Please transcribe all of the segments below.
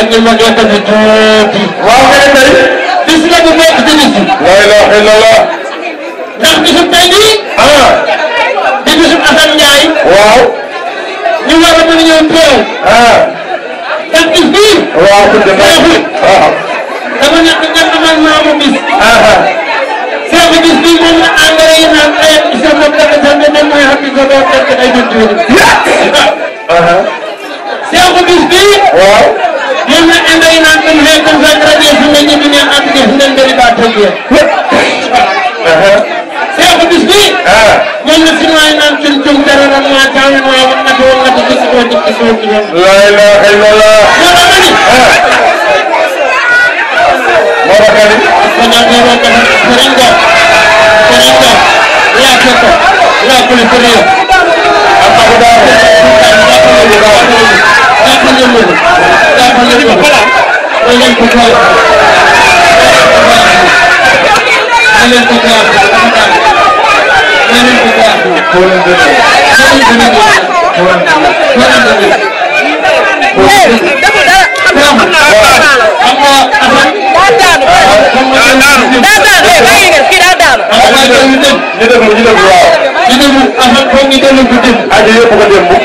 ak ñi mag yoo tamit tuuti. waaw nga ne tey. bis la bu bokk ci bis. la ilaha illallah. ndax bisu tey jii. ah. di bisu Assane Ndiaye. waaw. ñu war a mën a ñëw teew. ah. ndax bis bii. waaw ku ci neexul. waaw. dama nekk nga amal maamu bis. ah. ah. seex bis bii moom la engrais yi naan ay ak isam moom dafa jënd même mooy xam ne sa doom fekk day jënd tuuti. ah. seexu bis bii. ne consacré suñu ñibbi ne am na suñu mbiri ba tëjee. seexu bis bi. moom la suñu waay naan suñu jum dara lan waa kawe mooy wan na ko wan na ko gis ko nit ki soo ñëw. la ilaha illallah. moo tax ni. moo tax ni. kon ñoo ngi doon defar sëriñ Ngor. sëriñ Ngor. yaa ko ko. yaa ko le sëriñ. am na ko daal. yaa ko le sëriñ. yaa ko le sëriñ. yaa ko le sëriñ. da ngeen ko faral da ngeen ko faral da ngeen ko faral da ngeen ko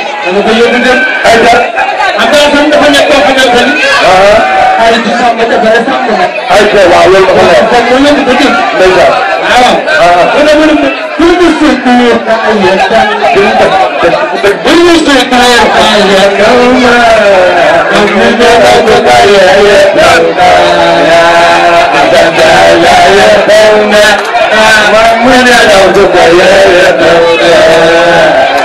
faral yonent sàmm te bare sàmm nag. ayca waaw loolu dafa leer. kon mu yonent ba jël. ndeysaan. waaw. waaw dana mën a كل السكوت كل السكوت حياك الله من جلبك يا يتمنى أبدا لا يتمنى من جلبك يا يتمنى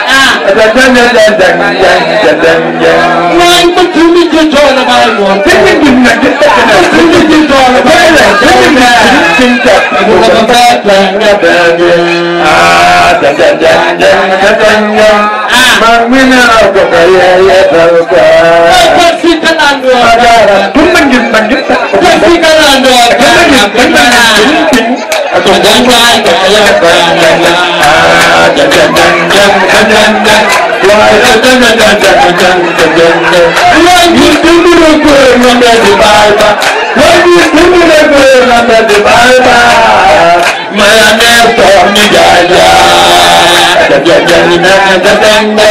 naan ba junni ji joola baay moom. dëgg bi nag dëgg la. junni ji joola baay moom. dëgg la dëgg la. mu ne ma baat la nga bëgg. ah من أرضك يا يدرك تفيك الأنوار كل من جنب من جنب تفيك الأنوار كل من جنب من جنب Jangan kalah bandana, jangan jangan jangan jangan, wahai jangan jangan jangan jangan. Lagi tunggu aku nama di balba, lagi tunggu aku nama di balba. Mana toh ni jaga, jangan jangan jangan jangan.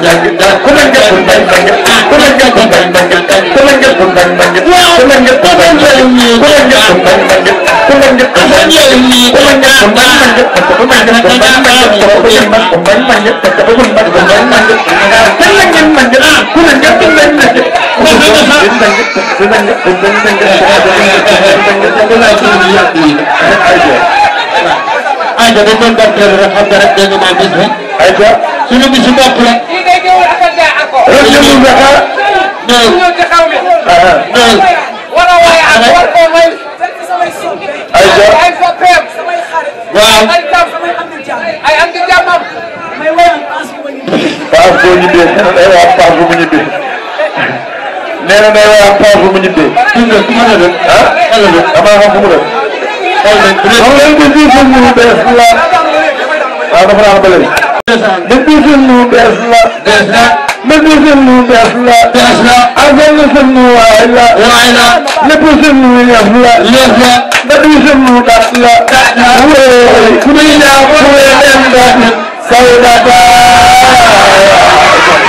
Aja, dia pun tak kira, dia pun tak kira, dia pun tak kira, ayca suñu bisu bopp la. kii day ñëwul affaire daa àgg ko. rëdd nga xam. mais ñëw ci xaw mi. mais. Ah, ah. war a waay àgg war koo may. ayca ay soppeem. waaw. ay am di jàmmam. paas boo ñibbee nee na day wax paas bu mu ñibbee. nee na day wax paas bu mu ñibbee. suñ la su ma la def. ah ma la def damaa xam fu mu def. xool nañ. xam nga li nga gis ñu bees la. waaw dafa daan bële. Mën seen nu bees la. bees la. mën seen nu bees la. bees la. ak benn seen nu waay la. waay la. lépp seen nu yeef la. yeef la. mën seen nu daat la. daat la. wéy. ku muy ñaaw ku muy dem daat. saw daat.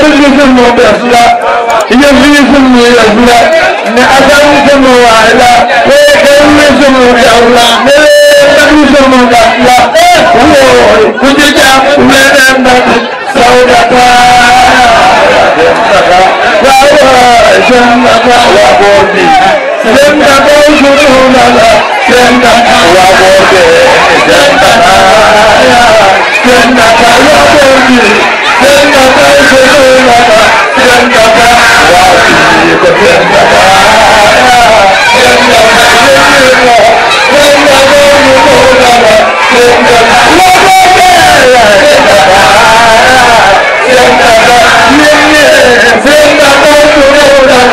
كل سمو بأسلا يبني سمو يسلا نعزم سمو وعلا ويكوي سمو يولا نبني سمو بأسلا كنت جاب من سودة سودة سودة سودة Senta Bojunala, Senta Wabote, Senta Kaya, Senta Kaya Boji, Senta Bojunala, Senta Kaya Boji, Senta Kaya, Senta Kaya Senta Bojunala, Senta Wabote, Senta Kaya, Senta Kaya, Senta Bojunala,